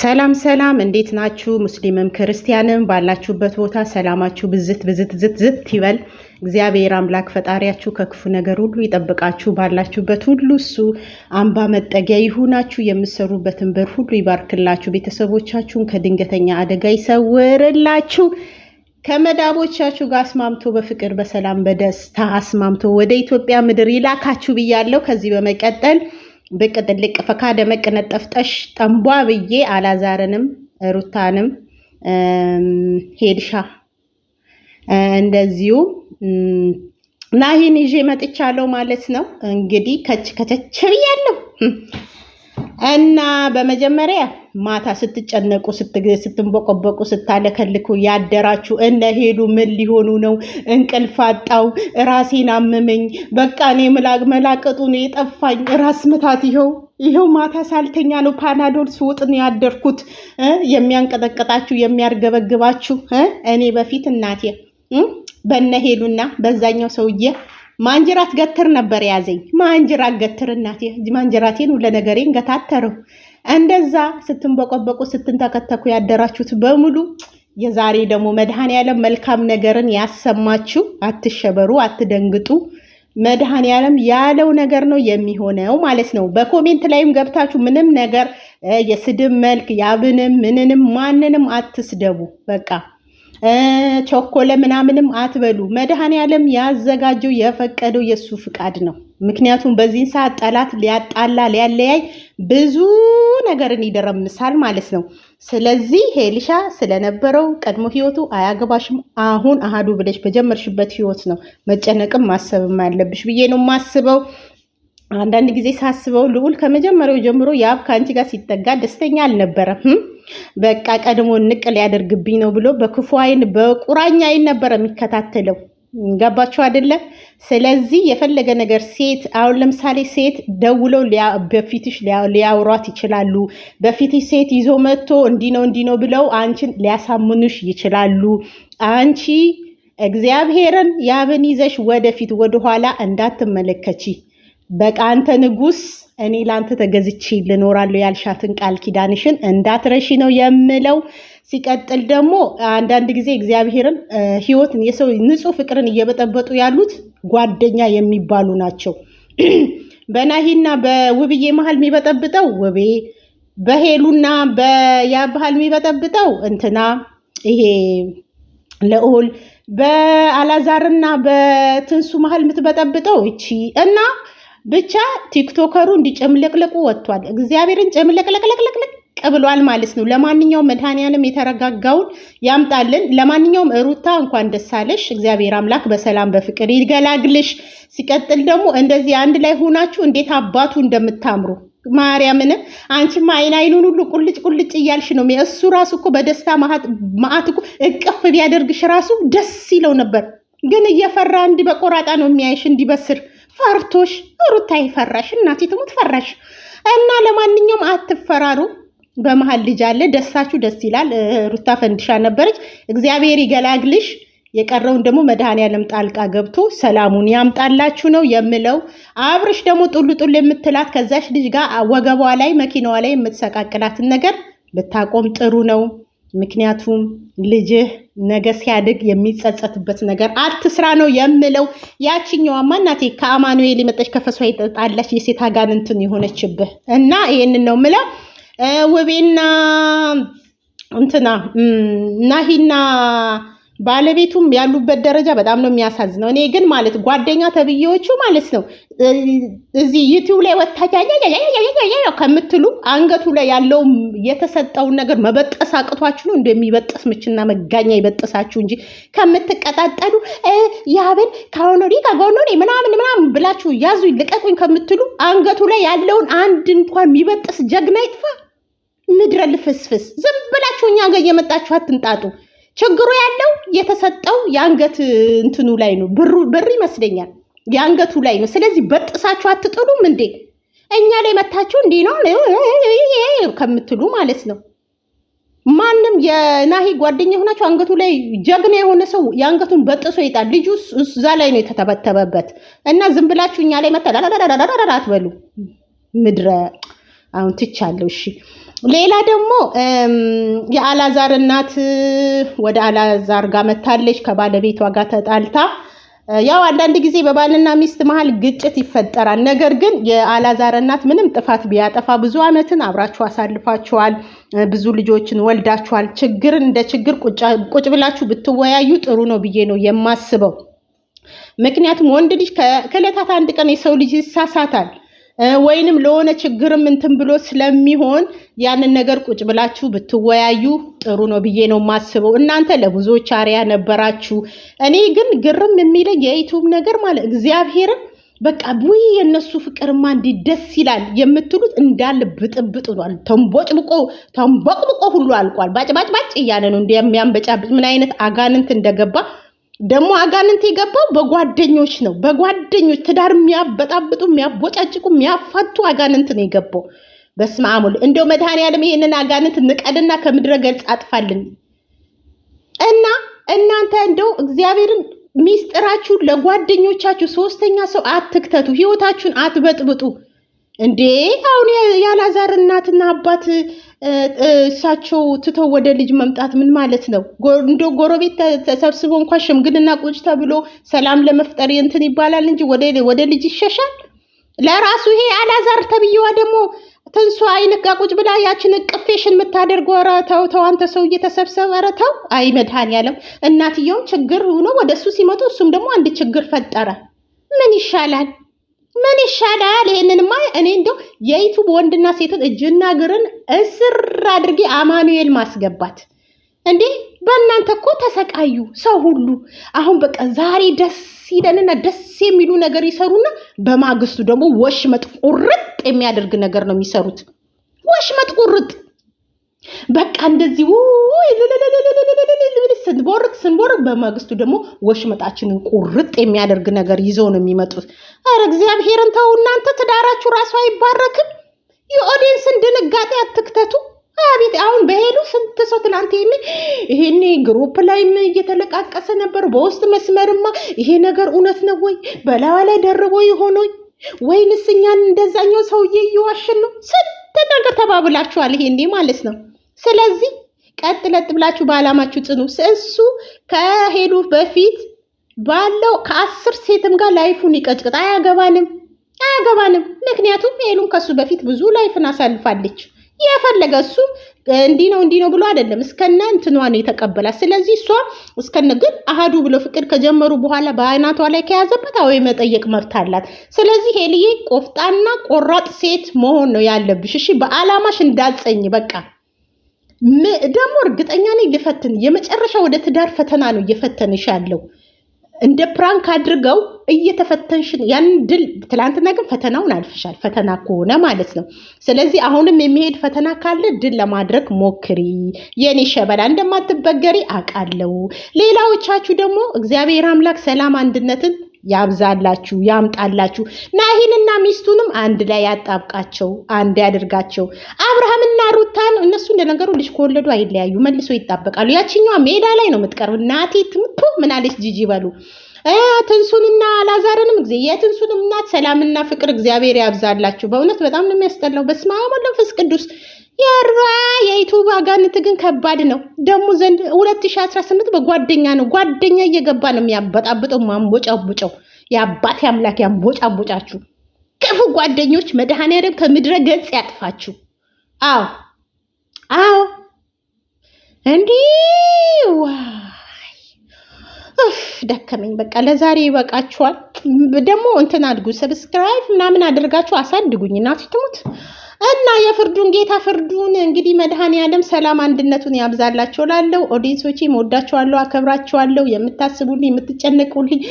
ሰላም ሰላም፣ እንዴት ናችሁ? ሙስሊምም ክርስቲያንም ባላችሁበት ቦታ ሰላማችሁ ብዝት ብዝት ዝት ዝት ይበል። እግዚአብሔር አምላክ ፈጣሪያችሁ ከክፉ ነገር ሁሉ ይጠብቃችሁ። ባላችሁበት ሁሉ እሱ አምባ መጠጊያ ይሁናችሁ። የምሰሩበትን በር ሁሉ ይባርክላችሁ። ቤተሰቦቻችሁን ከድንገተኛ አደጋ ይሰውርላችሁ። ከመዳቦቻችሁ ጋር አስማምቶ በፍቅር በሰላም በደስታ አስማምቶ ወደ ኢትዮጵያ ምድር ይላካችሁ ብያለሁ። ከዚህ በመቀጠል ብቅ ጥልቅ ፈካ ደመቅ ነጠፍጠሽ ጠንቧ ብዬ አላዛርንም ሩታንም ሄድሻ እንደዚሁ ናሂን ይዤ መጥቻለሁ ማለት ነው። እንግዲህ ከች ከተች ብያለሁ። እና በመጀመሪያ ማታ ስትጨነቁ ስትንቦቆቦቁ ስታለከልኩ ያደራችሁ እነ ሄሉ ምን ሊሆኑ ነው? እንቅልፍ አጣው፣ ራሴን አመመኝ፣ በቃ እኔ መላቅጡ ነው የጠፋኝ፣ ራስ ምታት ይኸው ይኸው ማታ ሳልተኛ ነው ፓናዶል ስውጥ ነው ያደርኩት። የሚያንቀጠቀጣችሁ የሚያርገበግባችሁ እኔ በፊት እናቴ በነ ሄሉና በዛኛው ሰውዬ ማንጀራት ገትር ነበር ያዘኝ። ማንጀራት ገትር እናቴ ማንጀራቴን ሁለ ነገሬን እንደዛ ስትንበቆበቁ ስትንተከተኩ ያደራችሁት በሙሉ የዛሬ ደግሞ መድኃኔዓለም መልካም ነገርን ያሰማችሁ። አትሸበሩ፣ አትደንግጡ። መድኃኔዓለም ያለው ነገር ነው የሚሆነው ማለት ነው። በኮሜንት ላይም ገብታችሁ ምንም ነገር የስድብ መልክ ያብንም ምንንም ማንንም አትስደቡ በቃ ቸኮለ ምናምንም አትበሉ። መድኃኔ ዓለም ያዘጋጀው የፈቀደው የእሱ ፍቃድ ነው። ምክንያቱም በዚህን ሰዓት ጠላት ሊያጣላ ሊያለያይ ብዙ ነገርን ይደረምሳል ማለት ነው። ስለዚህ ሄልሻ ስለነበረው ቀድሞ ህይወቱ አያገባሽም። አሁን አህዱ ብለሽ በጀመርሽበት ህይወት ነው መጨነቅም ማሰብም አለብሽ ብዬ ነው ማስበው። አንዳንድ ጊዜ ሳስበው ልዑል ከመጀመሪያው ጀምሮ የአብ ከአንቺ ጋር ሲጠጋ ደስተኛ አልነበረም። በቃ ቀድሞ ንቅ ሊያደርግብኝ ነው ብሎ በክፉ አይን በቁራኛ አይን ነበር የሚከታተለው። ገባችሁ አይደለ? ስለዚህ የፈለገ ነገር ሴት አሁን ለምሳሌ ሴት ደውለው በፊትሽ ሊያውሯት ይችላሉ። በፊትሽ ሴት ይዞ መጥቶ እንዲህ ነው እንዲህ ነው ብለው አንቺን ሊያሳምኑሽ ይችላሉ። አንቺ እግዚአብሔርን ያብን ይዘሽ ወደፊት ወደኋላ እንዳትመለከቺ። በቃ አንተ ንጉስ፣ እኔ ለአንተ ተገዝቼ ልኖራለሁ ያልሻትን ቃል ኪዳንሽን እንዳትረሺ ነው የምለው። ሲቀጥል ደግሞ አንዳንድ ጊዜ እግዚአብሔርን ህይወትን የሰው ንጹህ ፍቅርን እየበጠበጡ ያሉት ጓደኛ የሚባሉ ናቸው። በናሂና በውብዬ መሀል የሚበጠብጠው ውቤ፣ በሄሉና በያባህል የሚበጠብጠው እንትና ይሄ ልዑል በአላዛርና በትንሱ መሀል የምትበጠብጠው እቺ እና ብቻ ቲክቶከሩ እንዲጨምለቅለቁ ወጥቷል። እግዚአብሔርን ጨምለቅለቅለቅለቅ ብሏል ማለት ነው። ለማንኛውም መድኃኒዓለም የተረጋጋውን ያምጣልን። ለማንኛውም እሩታ እንኳን ደስ አለሽ። እግዚአብሔር አምላክ በሰላም በፍቅር ይገላግልሽ። ሲቀጥል ደግሞ እንደዚህ አንድ ላይ ሆናችሁ እንዴት አባቱ እንደምታምሩ ማርያምን አንቺማ አይን አይኑን ሁሉ ቁልጭ ቁልጭ እያልሽ ነው። እሱ ራሱ እኮ በደስታ ማአት እኮ እቅፍ ቢያደርግሽ ራሱ ደስ ይለው ነበር፣ ግን እየፈራ እንዲህ በቆራጣ ነው የሚያይሽ እንዲበስር ፈርቶሽ ሩታ ፈራሽ፣ እናቴ ትሙት ፈራሽ። እና ለማንኛውም አትፈራሩ። በመሀል ልጅ አለ። ደሳችሁ ደስ ይላል። ሩታ ፈንድሻ ነበረች። እግዚአብሔር ይገላግልሽ። የቀረውን ደግሞ መድኃኒዓለም ጣልቃ ገብቶ ሰላሙን ያምጣላችሁ ነው የምለው። አብርሽ ደግሞ ጡል ጡሉ የምትላት ከዛች ልጅ ጋር ወገቧ ላይ መኪናዋ ላይ የምትሰቃቅላትን ነገር ብታቆም ጥሩ ነው። ምክንያቱም ልጅህ ነገ ሲያድግ የሚጸጸትበት ነገር አትስራ ነው የምለው። ያችኛዋማ ማናቴ ከአማኑኤል የመጣች ከፈሷ ይጠጣለች የሴት አጋንንትን የሆነችብህ እና ይህንን ነው ምለው። ውቤና እንትና ናሂና ባለቤቱም ያሉበት ደረጃ በጣም ነው የሚያሳዝነው። እኔ ግን ማለት ጓደኛ ተብዬዎቹ ማለት ነው እዚህ ዩቲዩብ ላይ ወታቻ ከምትሉ አንገቱ ላይ ያለው የተሰጠውን ነገር መበጠስ አቅቷችሁ ነው እንደሚበጠስ ምችና መጋኛ ይበጠሳችሁ እንጂ ከምትቀጣጠሉ ያብን ከአሁን ወዲህ ምናምን ምናምን ብላችሁ ያዙ ልቀቁኝ ከምትሉ አንገቱ ላይ ያለውን አንድ እንኳን የሚበጥስ ጀግና ይጥፋ። ምድረ ልፍስፍስ ዝም ብላችሁ እኛ ጋር እየመጣችሁ አትንጣጡ። ችግሩ ያለው የተሰጠው የአንገት እንትኑ ላይ ነው። ብሩ ብር ይመስለኛል የአንገቱ ላይ ነው። ስለዚህ በጥሳችሁ አትጥሉም እንዴ? እኛ ላይ መታችሁ እንዲህ ነው ከምትሉ ማለት ነው። ማንም የናሂ ጓደኛ የሆናችሁ አንገቱ ላይ ጀግና የሆነ ሰው የአንገቱን በጥሶ ይጣል። ልጁ እዛ ላይ ነው የተተበተበበት እና ዝም ብላችሁ እኛ ላይ መታ አትበሉ። ምድረ አሁን ትቻለሁ። እሺ ሌላ ደግሞ የአላዛር እናት ወደ አላዛር ጋር መታለች ከባለቤቷ ጋር ተጣልታ ያው አንዳንድ ጊዜ በባልና ሚስት መሀል ግጭት ይፈጠራል። ነገር ግን የአላዛር እናት ምንም ጥፋት ቢያጠፋ ብዙ ዓመትን አብራችሁ አሳልፋችኋል፣ ብዙ ልጆችን ወልዳችኋል። ችግር እንደ ችግር ቁጭ ብላችሁ ብትወያዩ ጥሩ ነው ብዬ ነው የማስበው። ምክንያቱም ወንድ ልጅ ከእለታት አንድ ቀን የሰው ልጅ ይሳሳታል። ወይንም ለሆነ ችግርም እንትን ብሎ ስለሚሆን ያንን ነገር ቁጭ ብላችሁ ብትወያዩ ጥሩ ነው ብዬ ነው የማስበው። እናንተ ለብዙዎች አሪያ ነበራችሁ። እኔ ግን ግርም የሚለኝ የዩቱብ ነገር ማለት እግዚአብሔርን በቃ ውይ የእነሱ ፍቅርማ እንዲህ ደስ ይላል የምትሉት እንዳለ ብጥብጥ ሆኗል። ተንቦጭብቆ ተንቦቅብቆ ሁሉ አልቋል። ባጭባጭባጭ እያለ ነው እንዲህ የሚያንበጫብጭ ምን አይነት አጋንንት እንደገባ ደግሞ አጋንንት የገባው በጓደኞች ነው። በጓደኞች ትዳር የሚያበጣብጡ የሚያቦጫጭቁ፣ የሚያፋቱ አጋንንት ነው የገባው። በስመ አብ ወልድ እንደው መድኃኒዓለም ይሄንን አጋንንት ንቀድና ከምድረ ገጽ አጥፋልን እና እናንተ እንደው እግዚአብሔርን ሚስጥራችሁን ለጓደኞቻችሁ ሶስተኛ ሰው አትክተቱ፣ ህይወታችሁን አትበጥብጡ። እንዴ አሁን ያላዛር እናትና አባት እሳቸው ትተው ወደ ልጅ መምጣት ምን ማለት ነው? እንደ ጎረቤት ተሰብስቦ እንኳን ሽምግልና ቁጭ ተብሎ ሰላም ለመፍጠር እንትን ይባላል እንጂ ወደ ልጅ ይሸሻል። ለራሱ ይሄ አላዛር ተብዬዋ ደግሞ ትንሱ አይንጋ ቁጭ ብላ ያችን ቅፌሽን የምታደርገው ኧረ ተው ተው፣ አንተ ሰው እየተሰብሰበ ኧረ ተው። አይ መድኃኒዓለም እናትየውም ችግር ሆኖ ወደ እሱ ሲመጡ እሱም ደግሞ አንድ ችግር ፈጠረ። ምን ይሻላል? ምን ይሻላል? ይሄንንማ እኔ እንደው የዩቱብ ወንድና ሴቶች እጅና እግርን እስር አድርጌ አማኑኤል ማስገባት እንዴ! በእናንተ እኮ ተሰቃዩ ሰው ሁሉ። አሁን በቃ ዛሬ ደስ ይለንና ደስ የሚሉ ነገር ይሰሩና በማግስቱ ደግሞ ወሽመጥ ቁርጥ የሚያደርግ ነገር ነው የሚሰሩት። ወሽመጥ ቁርጥ በቃ እንደዚህ ስንቦርቅ ስንቦርቅ በማግስቱ ደግሞ ወሽመጣችንን ቁርጥ የሚያደርግ ነገር ይዘው ነው የሚመጡት። አረ እግዚአብሔርን ተው እናንተ፣ ትዳራችሁ ራሱ አይባረክም። የኦዲየንስን ድንጋጤ አትክተቱ። አቤት አሁን በሄዱ ስንት ሰው ትናንት ይሄኔ ይሄኔ ግሩፕ ላይም እየተለቃቀሰ ነበር። በውስጥ መስመርማ ይሄ ነገር እውነት ነው ወይ በላዋ ላይ ደርቦ የሆነ ወይንስ እኛን እንደዛኛው ሰውዬ እየዋሽን ነው? ስንት ነገር ተባብላችኋል። ይሄኔ ማለት ነው ስለዚህ ቀጥ ለጥ ብላችሁ በዓላማችሁ ጽኑ። እሱ ከሄዱ በፊት ባለው ከአስር ሴትም ጋር ላይፉን ይቀጭቅጥ፣ አያገባንም አያገባንም። ምክንያቱም ሄሉን ከሱ በፊት ብዙ ላይፍን አሳልፋለች። የፈለገ እሱ እንዲህ ነው እንዲህ ነው ብሎ አይደለም እስከነ እንትኗ ነው የተቀበላት። ስለዚህ እሷ እስከነ ግን አህዱ ብሎ ፍቅር ከጀመሩ በኋላ በአይናቷ ላይ ከያዘበት አወይ መጠየቅ መብት አላት። ስለዚህ ሄልዬ ቆፍጣና ቆራጥ ሴት መሆን ነው ያለብሽ። እሺ በዓላማሽ እንዳጸኝ በቃ ደግሞ እርግጠኛ ነኝ ሊፈትን የመጨረሻ ወደ ትዳር ፈተና ነው እየፈተንሽ ያለው። እንደ ፕራንክ አድርገው እየተፈተንሽን ያን ድል ትላንትና ግን ፈተናውን አልፈሻል፣ ፈተና ከሆነ ማለት ነው። ስለዚህ አሁንም የሚሄድ ፈተና ካለ ድል ለማድረግ ሞክሪ የኔ ሸበላ፣ እንደማትበገሪ አውቃለሁ። ሌላዎቻችሁ ደግሞ እግዚአብሔር አምላክ ሰላም አንድነትን ያብዛላችሁ፣ ያምጣላችሁ እና ይህንና ሚስቱንም አንድ ላይ ያጣብቃቸው፣ አንድ ያደርጋቸው። አብርሃምና ሩታን እነሱ እንደነገሩ ልጅ ከወለዱ አይለያዩ፣ መልሶ ይጣበቃሉ። ያችኛዋ ሜዳ ላይ ነው የምትቀርብ። ናቴ ትምቱ ምናለች? ጂጂ በሉ ትንሱንና አላዛርንም ጊዜ የትንሱንም እናት ሰላምና ፍቅር እግዚአብሔር ያብዛላችሁ። በእውነት በጣም ነው የሚያስጠላው። በስመ አብ ወመንፈስ ቅዱስ የራ የዩቱብ አጋንንት ግን ከባድ ነው። ደግሞ ዘንድ 2018 በጓደኛ ነው። ጓደኛ እየገባ ነው የሚያበጣብጠው ማንቦጫቦጫው። የአባት አምላክ ያንቦጫቦጫችሁ ክፉ ጓደኞች መድኃኔዓለም ከምድረ ገጽ ያጥፋችሁ። አዎ አዎ፣ እንዲህ ዋይ ደከመኝ። በቃ ለዛሬ ይበቃችኋል። ደግሞ እንትን አድጉ፣ ሰብስክራይብ ምናምን አድርጋችሁ አሳድጉኝ። እናት ትሙት እና የፍርዱን ጌታ ፍርዱን እንግዲህ መድኃኔዓለም ሰላም አንድነቱን ያብዛላቸው። ላለው ኦዲየንሶቼ እወዳቸዋለሁ፣ አከብራቸዋለሁ። የምታስቡልኝ የምትጨነቁልኝ